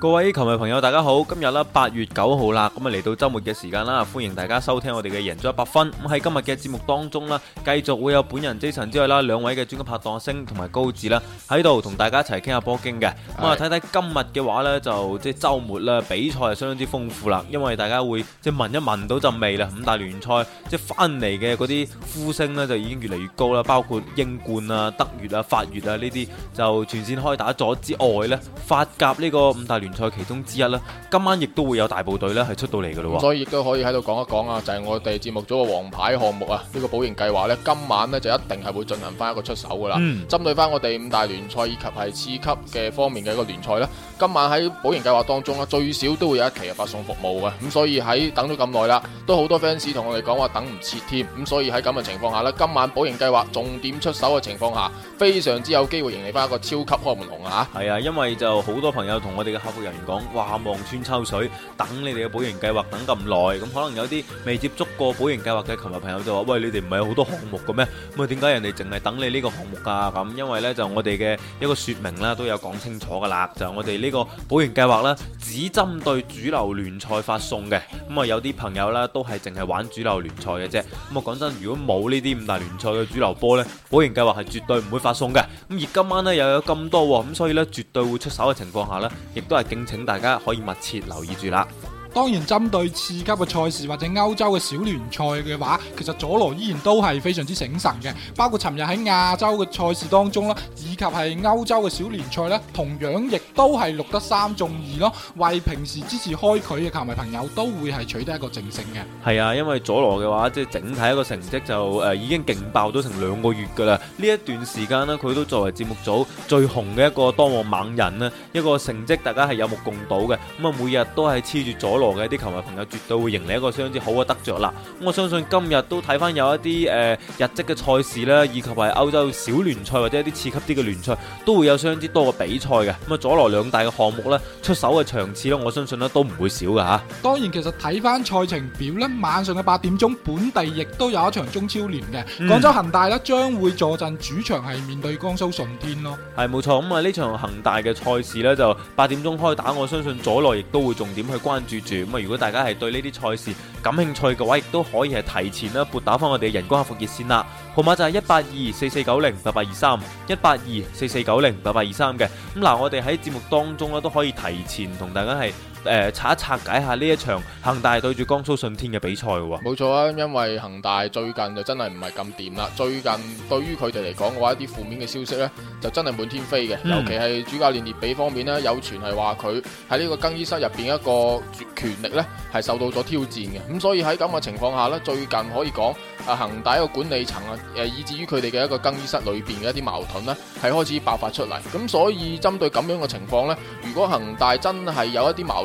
各位球迷朋友，大家好！今日啦八月九號啦，咁啊嚟到周末嘅時間啦，歡迎大家收聽我哋嘅贏足 100FUN。咁喺今日嘅節目當中啦，繼續會有本人 Jason 之外啦，兩位嘅專家拍檔星同埋高治啦，喺度同大家一齊傾下波經嘅。咁啊睇睇今日嘅話咧，就即係周末啦，比賽係相當之豐富啦，因為大家會即係聞一聞到陣味啦。五大聯賽即係翻嚟嘅嗰啲呼聲咧，就已經越嚟越高啦。包括英冠啊、德乙啊、法乙啊呢啲，就全線開打咗之外咧，法甲呢個五大聯賽其中之一咧，今晚亦都會有大部隊呢係出到嚟噶咯，咁所以亦都可以喺度講一講啊，就係、是、我哋節目組嘅王牌項目啊，呢、這個保營計劃呢，今晚呢就一定係會進行翻一個出手噶啦，嗯，針對翻我哋五大聯賽以及係次級嘅方面嘅一個聯賽咧，今晚喺保營計劃當中咧，最少都會有一期嘅發送服務嘅。咁所以喺等咗咁耐啦，都好多 fans 同我哋講話等唔切添，咁所以喺咁嘅情況下呢，今晚保營計劃重點出手嘅情況下，非常之有機會迎嚟翻一個超級開門紅啊，係啊，因為就好多朋友同我哋嘅客有人講話望穿秋水，等你哋嘅保營計劃等咁耐，咁可能有啲未接觸過保營計劃嘅球迷朋友就話：喂，你哋唔係有好多項目嘅咩？咁啊，點解人哋淨係等你這個項呢個項目噶？咁因為呢，就我哋嘅一個說明啦，都有講清楚噶啦。就我哋呢個保營計劃呢，只針對主流聯賽發送嘅。咁啊，有啲朋友呢，都係淨係玩主流聯賽嘅啫。咁啊，講真，如果冇呢啲五大聯賽嘅主流波呢，保營計劃係絕對唔會發送嘅。咁而今晚呢，又有咁多，咁所以呢，絕對會出手嘅情況下呢，亦都係。敬請大家可以密切留意住啦。當然，針對次級嘅賽事或者歐洲嘅小聯賽嘅話，其實佐羅依然都係非常之醒神嘅。包括尋日喺亞洲嘅賽事當中啦，以及係歐洲嘅小聯賽咧，同樣亦都係錄得三中二咯。為平時支持開佢嘅球迷朋友都會係取得一個正勝嘅。係啊，因為佐羅嘅話，即係整體一個成績就誒已經勁爆咗成兩個月噶啦。呢一段時間咧，佢都作為節目組最紅嘅一個當旺猛人咧，一個成績大家係有目共睹嘅。咁啊，每日都係黐住佐羅。羅嘅啲球迷朋友絕對會迎嚟一個相當之好嘅得着啦。咁我相信今日都睇翻有一啲誒、呃、日職嘅賽事啦，以及係歐洲小聯賽或者一啲次級啲嘅聯賽，都會有相當之多嘅比賽嘅。咁啊，佐羅兩大嘅項目咧，出手嘅場次咧，我相信咧都唔會少噶吓。當然，其實睇翻賽程表咧，晚上嘅八點鐘本地亦都有一場中超聯嘅廣州恒大咧，將會坐鎮主場係面對江蘇舜天咯。係冇錯，咁啊呢場恒大嘅賽事咧就八點鐘開打，我相信佐羅亦都會重點去關注。咁啊！如果大家係對呢啲賽事感興趣嘅話，亦都可以係提前啦撥打翻我哋嘅人工客服熱線啦，號碼就係一八二四四九零八八二三一八二四四九零八八二三嘅。咁嗱，我哋喺節目當中咧都可以提前同大家係。誒，拆一拆解一下呢一場恒大對住江蘇舜天嘅比賽，冇錯啊，因為恒大最近就真係唔係咁掂啦。最近對於佢哋嚟講嘅話，一啲負面嘅消息咧，就真係滿天飛嘅。嗯、尤其係主教練里皮方面咧，有傳係話佢喺呢個更衣室入邊一個權力咧係受到咗挑戰嘅。咁所以喺咁嘅情況下咧，最近可以講啊，恒大一個管理層啊，誒，以至於佢哋嘅一個更衣室裏邊嘅一啲矛盾咧，係開始爆發出嚟。咁所以針對咁樣嘅情況咧，如果恒大真係有一啲矛，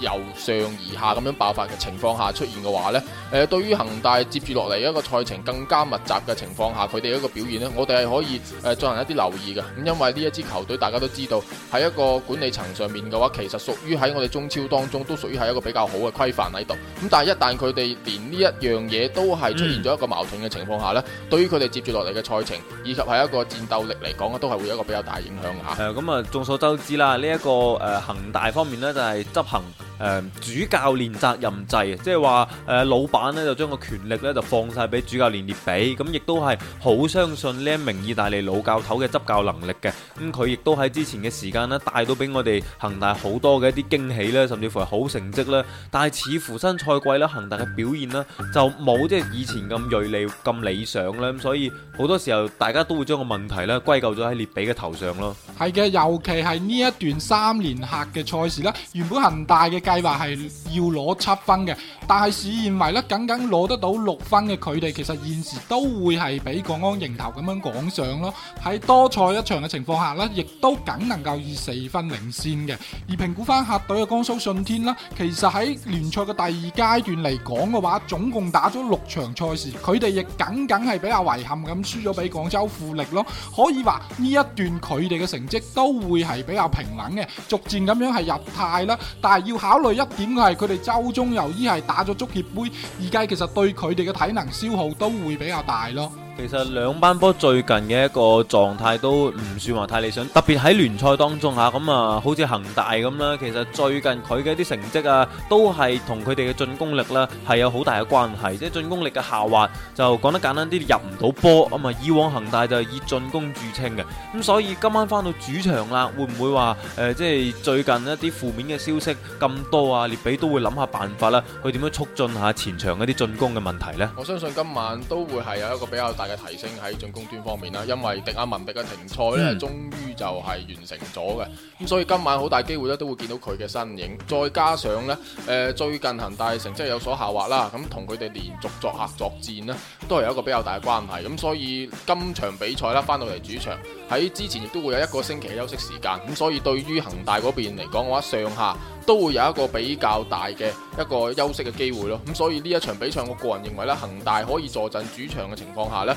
由上而下咁樣爆發嘅情況下出現嘅話呢誒，對於恒大接住落嚟一個賽程更加密集嘅情況下，佢哋一個表現呢，我哋係可以誒進行一啲留意嘅。咁因為呢一支球隊大家都知道，喺一個管理層上面嘅話，其實屬於喺我哋中超當中都屬於係一個比較好嘅規範喺度。咁但係一旦佢哋連呢一樣嘢都係出現咗一個矛盾嘅情況下呢、嗯、對於佢哋接住落嚟嘅賽程以及係一個戰鬥力嚟講啊，都係會有一個比較大影響啊。咁、嗯、啊，眾、嗯嗯、所周知啦，呢、這、一個誒恒、呃、大方面呢，就係執行。誒、呃、主教練責任制，即係話誒老闆咧就將個權力咧就放晒俾主教練列比，咁亦都係好相信呢一名意大利老教頭嘅執教能力嘅。咁佢亦都喺之前嘅時間咧帶到俾我哋恒大好多嘅一啲驚喜咧，甚至乎係好成績啦，但係似乎新賽季咧恒大嘅表現咧就冇即係以前咁銳利、咁理想啦，咁所以好多時候大家都會將個問題咧歸咎咗喺列比嘅頭上咯。係嘅，尤其係呢一段三連客嘅賽事咧，原本恒大嘅計劃係要攞七分嘅，但係市認為咧，僅僅攞得到六分嘅佢哋，其實現時都會係俾國安迎頭咁樣趕上咯。喺多賽一場嘅情況下咧，亦都僅能夠以四分領先嘅。而評估翻客隊嘅江蘇舜天啦，其實喺聯賽嘅第二階段嚟講嘅話，總共打咗六場賽事，佢哋亦僅僅係比較遺憾咁輸咗俾廣州富力咯。可以話呢一段佢哋嘅成績都會係比較平穩嘅，逐漸咁樣係入態啦。但係要考另外一點嘅係，佢哋周中由於係打咗足協盃，而家其實對佢哋嘅體能消耗都會比較大咯。其實兩班波最近嘅一個狀態都唔算話太理想，特別喺聯賽當中吓，咁啊，好似恒大咁啦，其實最近佢嘅一啲成績啊，都係同佢哋嘅進攻力啦，係有好大嘅關係，即係進攻力嘅下滑，就講得簡單啲，入唔到波，咁啊，以往恒大就以進攻著稱嘅，咁所以今晚翻到主場啦，會唔會話誒、呃，即係最近一啲負面嘅消息咁多啊？列比都會諗下辦法啦，去點樣促進下前場一啲進攻嘅問題呢？我相信今晚都會係有一個比較大的。提升喺進攻端方面啦，因為迪亞文迪嘅停賽咧，終於就係完成咗嘅。咁、嗯、所以今晚好大機會咧都會見到佢嘅身影。再加上咧，誒、呃、最近恆大成績有所下滑啦，咁同佢哋連續作客作戰咧，都係有一個比較大嘅關係。咁所以今場比賽啦，翻到嚟主場，喺之前亦都會有一個星期嘅休息時間，咁所以對於恆大嗰邊嚟講嘅話，我上下都會有一個比較大嘅一個休息嘅機會咯。咁所以呢一場比賽我個人認為咧，恆大可以坐鎮主場嘅情況下咧。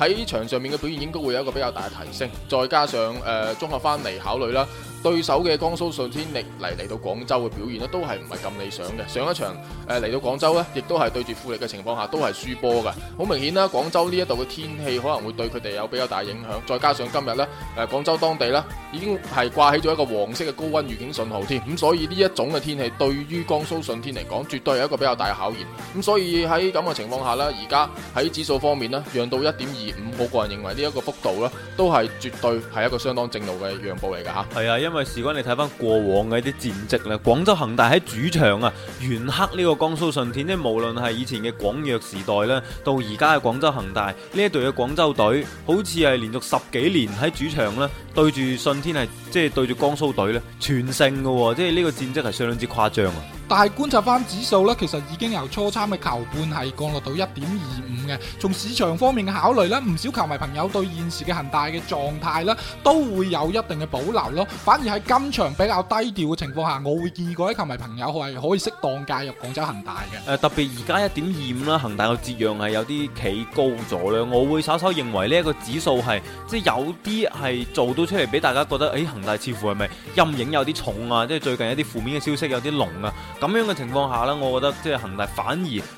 喺場上面嘅表現應該會有一個比較大嘅提升，再加上誒綜合翻嚟考慮啦，對手嘅江蘇舜天力嚟嚟到廣州嘅表現咧都係唔係咁理想嘅。上一場誒嚟、呃、到廣州呢，亦都係對住富力嘅情況下都係輸波㗎。好明顯啦，廣州呢一度嘅天氣可能會對佢哋有比較大影響，再加上今日呢，誒、呃、廣州當地呢已經係掛起咗一個黃色嘅高溫預警信號添。咁所以呢一種嘅天氣對於江蘇舜天嚟講絕對係一個比較大嘅考驗。咁所以喺咁嘅情況下咧，而家喺指數方面咧，讓到一點二五，我個人認為呢一個幅度呢都係絕對係一個相當正路嘅讓步嚟噶吓。係啊，因為事關你睇翻過往嘅一啲戰績咧，廣州恒大喺主場啊，完克呢個江蘇舜天即無論係以前嘅廣藥時代咧，到而家嘅廣州恒大呢一隊嘅廣州隊，好似係連續十幾年喺主場呢對住舜天係、就是，即係對住江蘇隊呢全勝噶，即係呢個戰績係相當之誇張啊！但係觀察翻指數咧，其實已經由初參嘅球半係降落到一點二五嘅，從市場方面嘅考慮咧。唔少球迷朋友對現時嘅恒大嘅狀態咧，都會有一定嘅保留咯。反而喺今場比較低調嘅情況下，我會建議各位球迷朋友係可以適當介入廣州恒大嘅。誒、呃、特別而家一點五啦，一點二五，恒大嘅節讓係有啲企高咗咧。我會稍稍認為呢一個指數係即係有啲係做到出嚟俾大家覺得，誒、欸、恒大似乎係咪陰影有啲重啊？即、就、係、是、最近一啲負面嘅消息有啲濃啊。咁樣嘅情況下呢，我覺得即係恒大反而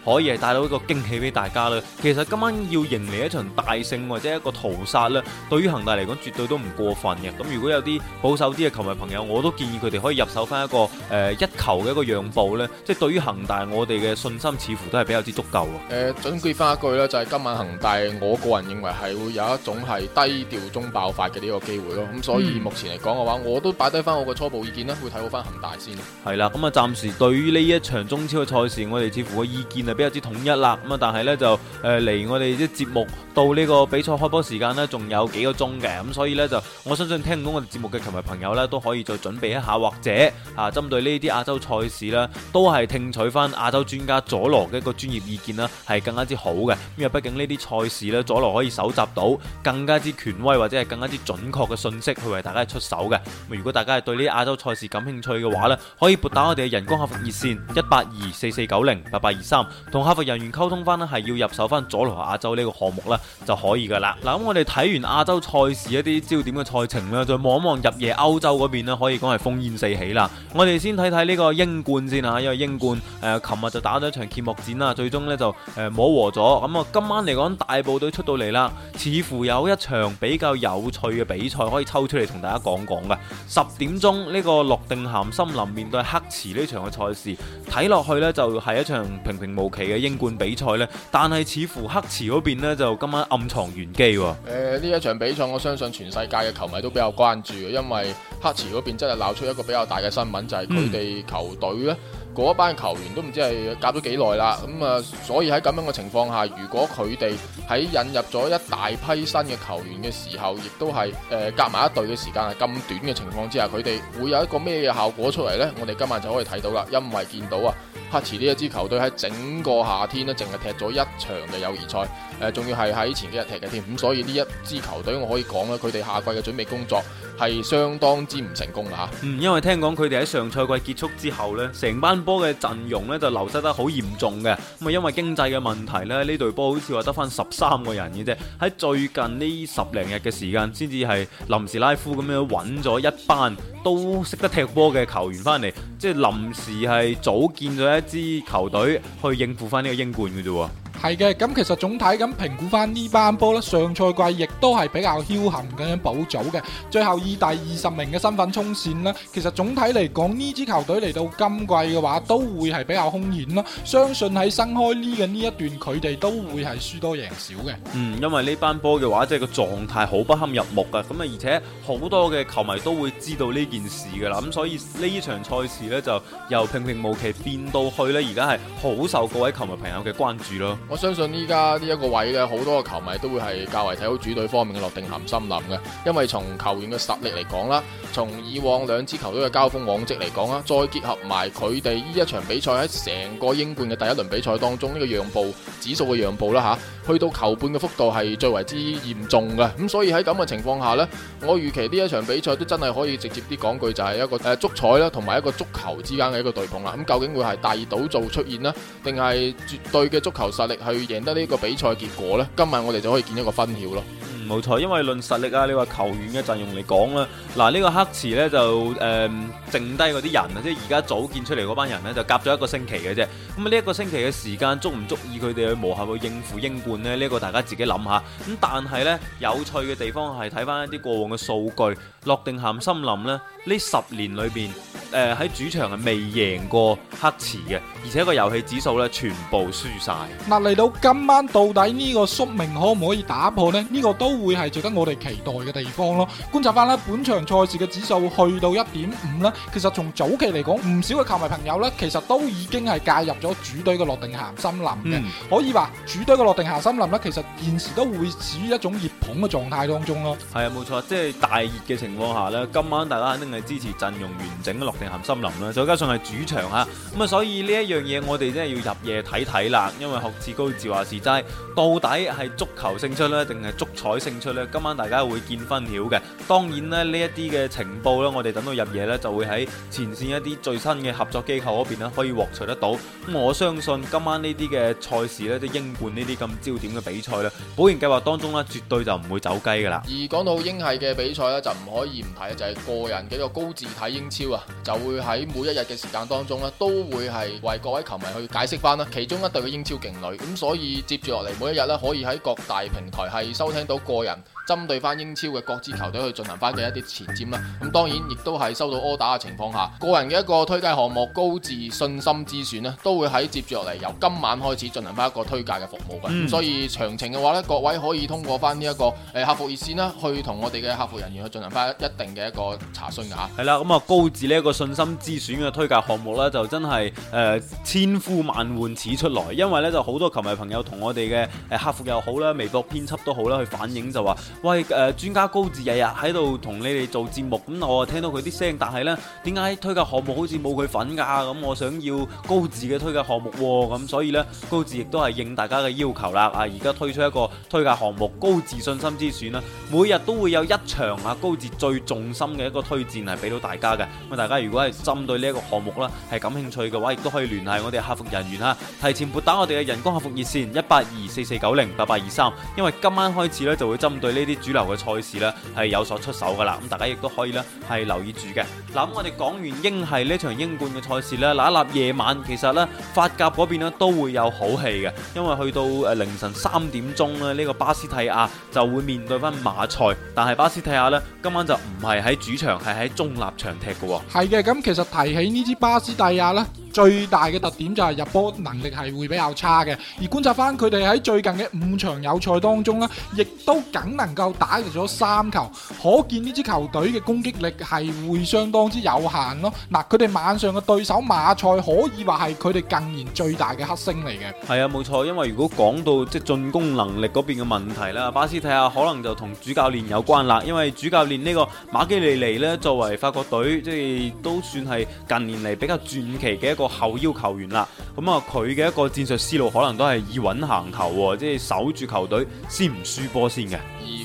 可以係帶到一個驚喜俾大家啦。其實今晚要迎嚟一場大勝或者一個屠殺咧，對於恒大嚟講絕對都唔過分嘅。咁如果有啲保守啲嘅球迷朋友，我都建議佢哋可以入手翻一個誒、呃、一球嘅一個讓步咧。即係對於恒大，我哋嘅信心似乎都係比較之足夠喎。誒、呃，總結翻一句咧，就係、是、今晚恒大，我個人認為係會有一種係低調中爆發嘅呢個機會咯。咁所以目前嚟講嘅話、嗯，我都擺低翻我嘅初步意見啦，會睇好翻恒大先。係啦，咁啊，暫時對於呢一場中超嘅賽事，我哋似乎個意見係比較之統一啦。咁啊，但係咧就誒嚟、呃、我哋啲節目到。呢個比賽開波時間仲有幾個鐘嘅，咁所以呢，就我相信聽唔到我哋節目嘅球迷朋友呢，都可以再準備一下，或者針對呢啲亞洲賽事呢，都係聽取翻亞洲專家佐羅嘅一個專業意見啦，係更加之好嘅。因為畢竟呢啲賽事呢，佐羅可以蒐集到更加之權威或者係更加之準確嘅信息去為大家出手嘅。如果大家係對呢啲亞洲賽事感興趣嘅話呢，可以撥打我哋嘅人工客服熱線一八二四四九零八八二三，同客服人員溝通翻呢，係要入手翻佐羅亞洲呢個項目啦。就可以噶啦。嗱，咁我哋睇完亞洲賽事一啲焦點嘅賽程啦，再望一望入夜歐洲嗰邊呢，可以講係烽煙四起啦。我哋先睇睇呢個英冠先啊，因為英冠琴日就打咗場揭幕戰啦，最終呢就誒摸和咗。咁啊，今晚嚟講大部隊出到嚟啦，似乎有一場比較有趣嘅比賽可以抽出嚟同大家講講嘅。十點鐘呢、呢個諾定咸森林面對黑池呢場嘅賽事，睇落去呢就係一場平平無奇嘅英冠比賽呢。但係似乎黑池嗰邊咧就今晚。暗藏玄機喎、哦呃。呢一場比賽，我相信全世界嘅球迷都比較關注，因為黑池嗰邊真係鬧出一個比較大嘅新聞，就係佢哋球隊呢嗰、嗯、班球員都唔知係夾咗幾耐啦。咁、嗯、啊，所以喺咁樣嘅情況下，如果佢哋喺引入咗一大批新嘅球員嘅時候，亦都係誒夾埋一隊嘅時間係咁短嘅情況之下，佢哋會有一個咩嘢效果出嚟呢？我哋今晚就可以睇到啦，因為見到啊。黑池呢一支球隊喺整個夏天咧，淨係踢咗一場嘅友誼賽，誒仲要係喺前幾日踢嘅添，咁所以呢一支球隊，我可以講啦，佢哋下季嘅準備工作，係相當之唔成功啦，啊，嗯，因為聽講佢哋喺上賽季結束之後，呢成班波嘅陣容呢就流失得好嚴重嘅。咁啊，因為經濟嘅問題呢，呢隊波好似話得翻十三個人嘅啫。喺最近呢十零日嘅時間，先至係臨時拉夫咁樣揾咗一班都識得踢波嘅球員翻嚟，即係臨時係組建咗一支球隊去應付翻呢個英冠嘅啫。係嘅，咁其實總體咁評估翻呢班波呢，上賽季亦都係比較僥倖咁樣保組嘅，最後以第二十名嘅身份衝線啦。其實總體嚟講，呢支球隊嚟到今季嘅話，都會係比較兇險咯。相信喺新開呢嘅呢一段，佢哋都會係輸多贏少嘅。嗯，因為呢班波嘅話，即係個狀態好不堪入目噶，咁啊，而且好多嘅球迷都會知道呢件事噶啦，咁所以呢場賽事呢，就由平平無奇變到去呢，而家係好受各位球迷朋友嘅關注咯。我相信依家呢一個位嘅好多個球迷都會係較為睇好主隊方面嘅諾定咸森林嘅，因為從球員嘅實力嚟講啦，從以往兩支球隊嘅交鋒往績嚟講啦，再結合埋佢哋呢一場比賽喺成個英冠嘅第一輪比賽當中呢個讓步指數嘅讓步啦吓，去到球半嘅幅度係最為之嚴重嘅，咁所以喺咁嘅情況下咧，我預期呢一場比賽都真係可以直接啲講句就係一個誒足彩啦，同埋一個足球之間嘅一個對碰啦，咁究竟會係大二賭做出現咧，定係絕對嘅足球實力？去贏得呢個比賽結果呢，今晚我哋就可以見一個分曉咯。嗯，冇錯，因為論實力啊，你話球員嘅陣容嚟講啦，嗱、這、呢個黑池呢就誒、呃、剩低嗰啲人，即係而家組建出嚟嗰班人呢，就夾咗一個星期嘅啫。咁呢一個星期嘅時間足唔足以佢哋去磨合去應付英冠呢？呢、這個大家自己諗下。咁但係呢，有趣嘅地方係睇翻一啲過往嘅數據，諾定咸森林呢，呢十年裏邊。誒、呃，喺主場係未贏過黑池嘅，而且個遊戲指數咧全部輸晒。嗱，嚟到今晚到底呢個宿命可唔可以打破呢？呢、這個都會係值得我哋期待嘅地方咯。觀察翻啦，本場賽事嘅指數去到一點五啦。其實從早期嚟講，唔少嘅球迷朋友咧，其實都已經係介入咗主隊嘅諾定咸森林嘅。嗯、可以話主隊嘅諾定咸森林咧，其實現時都會處於一種熱捧嘅狀態當中咯。係啊，冇錯，即係大熱嘅情況下咧，今晚大家肯定係支持陣容完整嘅諾。含森林啦，再加上係主場哈，咁啊，所以呢一樣嘢我哋真係要入夜睇睇啦，因為學至高治話自齋，到底係足球勝出呢定係足彩勝出呢？今晚大家會見分曉嘅。當然呢，呢一啲嘅情報呢，我哋等到入夜呢就會喺前線一啲最新嘅合作機構嗰邊呢，可以獲取得到。我相信今晚呢啲嘅賽事呢，即、就是、英冠呢啲咁焦點嘅比賽咧，保研計劃當中呢，絕對就唔會走雞噶啦。而講到英係嘅比賽呢，就唔可以唔睇，就係、是、個人嘅一個高治睇英超啊。就會喺每一日嘅時間當中咧，都會係為各位球迷去解釋返啦。其中一隊嘅英超勁旅，咁所以接住落嚟每一日咧，可以喺各大平台係收聽到個人，針對翻英超嘅各支球隊去進行翻嘅一啲前瞻啦，咁當然亦都係收到柯打嘅情況下，個人嘅一個推介項目高治信心之選呢，都會喺接住落嚟，由今晚開始進行翻一個推介嘅服務嘅。嗯，所以詳情嘅話呢，各位可以通過翻呢一個誒客服熱線啦，去同我哋嘅客服人員去進行翻一定嘅一個查詢吓。係啦，咁、嗯、啊高治呢一個信心之選嘅推介項目呢，就真係誒、呃、千呼萬喚始出來，因為呢就好多球迷朋友同我哋嘅誒客服又好啦，微博編輯都好啦，去反映就話。喂，呃、專家高治日日喺度同你哋做節目，咁我啊聽到佢啲聲音，但係咧點解推介項目好似冇佢份㗎、啊、咁？我想要高治嘅推介項目喎、啊，咁所以咧高治亦都係應大家嘅要求啦，啊而家推出一個推介項目高治信心之選啦，每日都會有一場啊高治最重心嘅一個推薦係俾到大家嘅。咁啊大家如果係針對呢一個項目啦係感興趣嘅話亦都可以聯繫我哋客服人員嚇，提前撥打我哋嘅人工客服熱線一八二四四九零八八二三，823，因為今晚開始咧就會針對呢。呢啲主流嘅賽事咧係有所出手噶啦，咁大家亦都可以咧係留意住嘅。嗱，我哋講完英系呢場英冠嘅賽事咧，嗱一立夜晚其實咧法甲嗰邊咧都會有好戲嘅，因為去到誒凌晨三點鐘咧，呢個巴斯蒂亞就會面對翻馬賽，但係巴斯蒂亞咧今晚就唔係喺主場，係喺中立場踢嘅、哦。係嘅，咁其實提起呢支巴斯蒂亞咧，最大嘅特點就係入波能力係會比較差嘅，而觀察翻佢哋喺最近嘅五場友賽當中咧，亦都梗能能夠打入咗三球，可見呢支球隊嘅攻擊力係會相當之有限咯。嗱，佢哋晚上嘅對手馬賽可以話係佢哋近年最大嘅黑星嚟嘅。係啊，冇錯。因為如果講到即係進攻能力嗰邊嘅問題啦，巴斯睇下可能就同主教練有關啦。因為主教練呢個馬基里尼呢，作為法國隊即係都算係近年嚟比較傳奇嘅一個後腰球員啦。咁啊，佢嘅一個戰術思路可能都係以穩行球，即係守住球隊先唔輸波先嘅。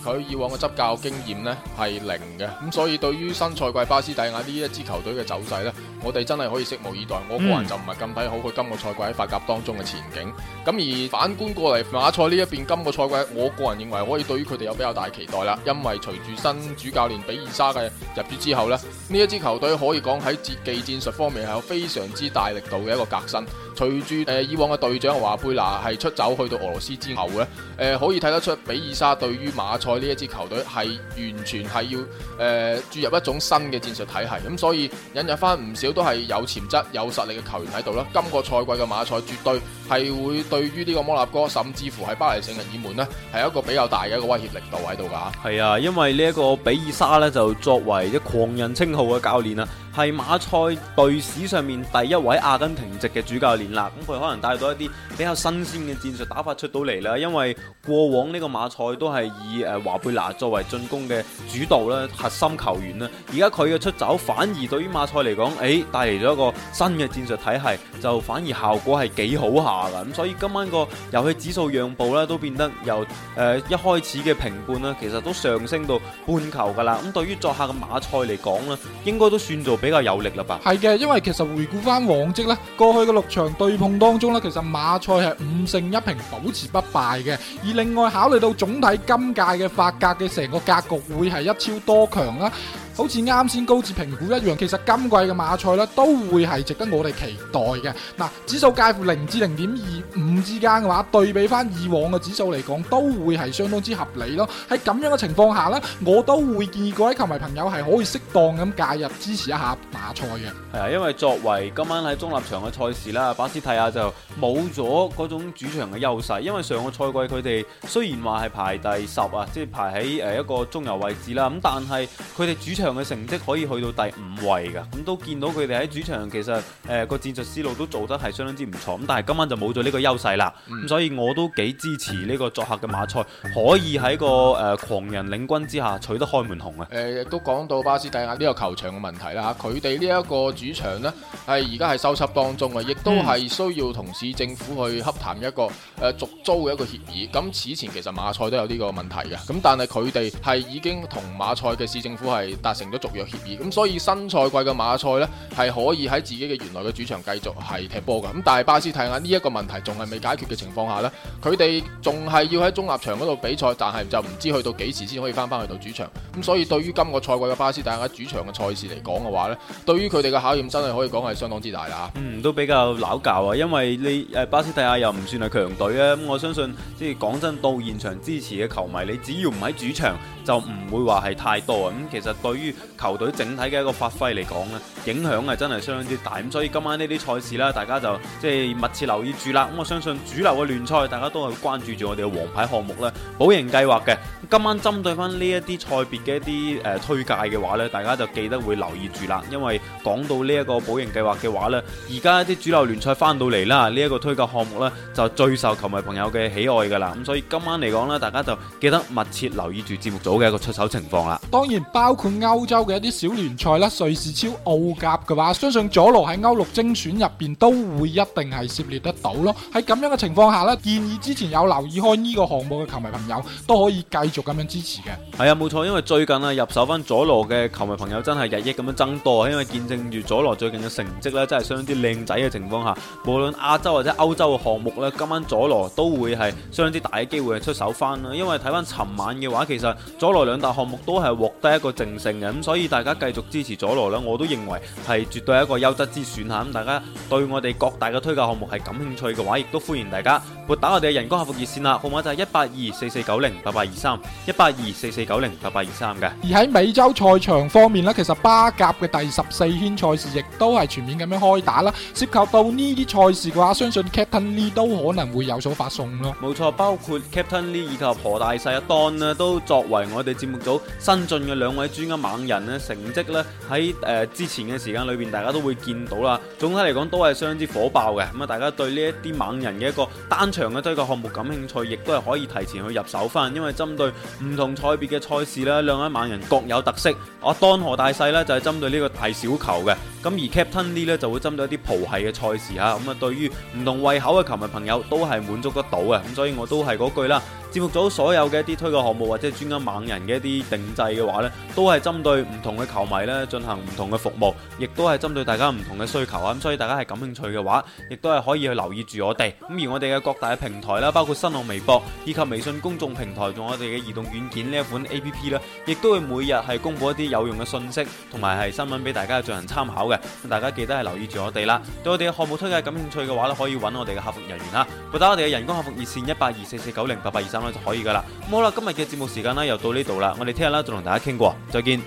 佢以往嘅執教經驗呢係零嘅，咁所以對於新賽季巴斯蒂亞呢一支球隊嘅走勢呢，我哋真係可以拭目以待。我個人就唔係咁睇好佢今個賽季喺法甲當中嘅前景。咁、嗯、而反觀過嚟馬賽呢一邊，今個賽季我個人認為可以對於佢哋有比較大期待啦。因為隨住新主教練比爾沙嘅入主之後咧，呢一支球隊可以講喺技戰術方面係有非常之大力度嘅一個革新。隨住誒以往嘅隊長華貝拿係出走去到俄羅斯之後咧，誒、呃、可以睇得出比爾沙對於馬賽呢一支球隊係完全係要誒、呃、注入一種新嘅戰術體系。咁所以引入翻唔少。都係有潛質、有實力嘅球員喺度啦。今個賽季嘅馬賽絕對係會對於呢個摩納哥，甚至乎喺巴黎聖日耳門呢，係一個比較大嘅一個威脅力度喺度噶。係啊，因為呢一個比爾莎呢，就作為一狂人稱號嘅教練啊。係馬賽隊史上面第一位阿根廷籍嘅主教練啦，咁佢可能帶到一啲比較新鮮嘅戰術打法出到嚟啦，因為過往呢個馬賽都係以誒華貝拿作為進攻嘅主導啦、核心球員啦，而家佢嘅出走反而對於馬賽嚟講，誒帶嚟咗一個新嘅戰術體系，就反而效果係幾好下噶，咁所以今晚個遊戲指數讓步呢，都變得由誒一開始嘅平半呢，其實都上升到半球噶啦，咁對於作客嘅馬賽嚟講呢，應該都算做。比較有力啦吧？係嘅，因為其實回顧翻往績咧，過去嘅六場對碰當中咧，其實馬賽係五勝一平保持不敗嘅。而另外考慮到總體今屆嘅法甲嘅成個格局會係一超多強啦。好似啱先高治評估一樣，其實今季嘅馬賽咧都會係值得我哋期待嘅。嗱，指數介乎零至零點二五之間嘅話，對比翻以往嘅指數嚟講，都會係相當之合理咯。喺咁樣嘅情況下呢，我都會建議各位球迷朋友係可以適當咁介入支持一下馬賽嘅。係啊，因為作為今晚喺中立場嘅賽事啦，巴斯蒂亞就冇咗嗰種主場嘅優勢，因為上個賽季佢哋雖然話係排第十啊，即係排喺誒一個中游位置啦，咁但係佢哋主場嘅成績可以去到第五位嘅，咁都見到佢哋喺主場其實誒個、呃、戰術思路都做得係相當之唔錯，咁但係今晚就冇咗呢個優勢啦，咁、嗯、所以我都幾支持呢個作客嘅馬賽可以喺個誒、呃、狂人領軍之下取得開門紅啊！誒亦都講到巴斯蒂亞呢個球場嘅問題啦嚇，佢哋呢一個主場咧係而家係修葺當中啊，亦都係需要同市政府去洽談一個誒續租嘅一個協議，咁此前其實馬賽都有呢個問題嘅，咁但係佢哋係已經同馬賽嘅市政府系。成咗續約協議，咁所以新賽季嘅馬賽咧係可以喺自己嘅原來嘅主場繼續係踢波㗎，咁但係巴斯蒂亞呢一個問題仲係未解決嘅情況下咧，佢哋仲係要喺中立場嗰度比賽，但係就唔知去到幾時先可以翻翻去到主場，咁所以對於今個賽季嘅巴斯蒂亞主場嘅賽事嚟講嘅話咧，對於佢哋嘅考驗真係可以講係相當之大啦。嗯，都比較撈教啊，因為你誒巴斯蒂亞又唔算係強隊啊。咁我相信即係講真，到現場支持嘅球迷，你只要唔喺主場就唔會話係太多啊。咁其實對於。球隊整體嘅一個發揮嚟講咧，影響係真係相當之大。咁所以今晚呢啲賽事啦，大家就即係密切留意住啦。咁我相信主流嘅聯賽，大家都係關注住我哋嘅王牌項目啦，保贏計劃嘅。今晚針對翻呢一啲賽別嘅一啲誒推介嘅話咧，大家就記得會留意住啦。因為講到呢一個保贏計劃嘅話咧，而家啲主流聯賽翻到嚟啦，呢、這、一個推介項目咧就最受球迷朋友嘅喜愛噶啦。咁所以今晚嚟講咧，大家就記得密切留意住節目組嘅一個出手情況啦。當然包括歐歐洲嘅一啲小聯賽啦，瑞士超、澳甲嘅話，相信佐羅喺歐陸精選入邊都會一定係涉獵得到咯。喺咁樣嘅情況下建議之前有留意開呢個項目嘅球迷朋友都可以繼續咁樣支持嘅。係啊，冇錯，因為最近啊，入手翻佐羅嘅球迷朋友真係日益咁樣增多，因為見證住佐羅最近嘅成績咧，真係相當之靚仔嘅情況下，無論亞洲或者歐洲嘅項目咧，今晚佐羅都會係相當之大嘅機會出手翻啦。因為睇翻尋晚嘅話，其實佐羅兩大項目都係獲得一個正勝。咁所以大家繼續支持佐羅啦，我都認為係絕對一個優質之選嚇。咁大家對我哋各大嘅推介項目係感興趣嘅話，亦都歡迎大家撥打我哋嘅人工客服熱線啦，號碼就係一八二四四九零八八二三，一八二四四九零八八二三嘅。而喺美洲賽場方面呢，其實巴甲嘅第十四圈賽事亦都係全面咁樣開打啦。涉及到呢啲賽事嘅話，相信 Captain Lee 都可能會有所發送咯。冇錯，包括 Captain Lee 以及婆大細阿當啊都作為我哋節目組新進嘅兩位專家。猛人咧成績咧喺誒之前嘅時間裏邊，大家都會見到啦。總體嚟講都係相當之火爆嘅。咁啊，大家對呢一啲猛人嘅一個單場嘅推介項目感興趣，亦都係可以提前去入手翻。因為針對唔同賽別嘅賽事呢，兩位猛人各有特色。阿當何大細呢，就係針對呢個大小球嘅，咁而 Captain Lee 咧就會針對一啲葡系嘅賽事嚇。咁啊，嗯、對於唔同胃口嘅球迷朋友都係滿足得到嘅。咁所以我都係嗰句啦，節目組所有嘅一啲推介項目或者專家猛人嘅一啲定制嘅話呢，都係針，針對唔同嘅球迷咧，進行唔同嘅服務，亦都係針對大家唔同嘅需求啊！咁所以大家係感興趣嘅話，亦都係可以去留意住我哋。咁而我哋嘅各大嘅平台啦，包括新浪微博，以及微信公眾平台，仲有我哋嘅移動軟件呢一款 A P P 啦，亦都會每日係公布一啲有用嘅信息同埋係新聞俾大家進行參考嘅。咁大家記得係留意住我哋啦。對我哋嘅項目推介感興趣嘅話咧，可以揾我哋嘅客服人員啦，撥打我哋嘅人工客服熱線一八二四四九零八八二三咧，就可以噶啦。好啦，今日嘅節目時間呢又到呢度啦，我哋聽日咧再同大家傾過，再見。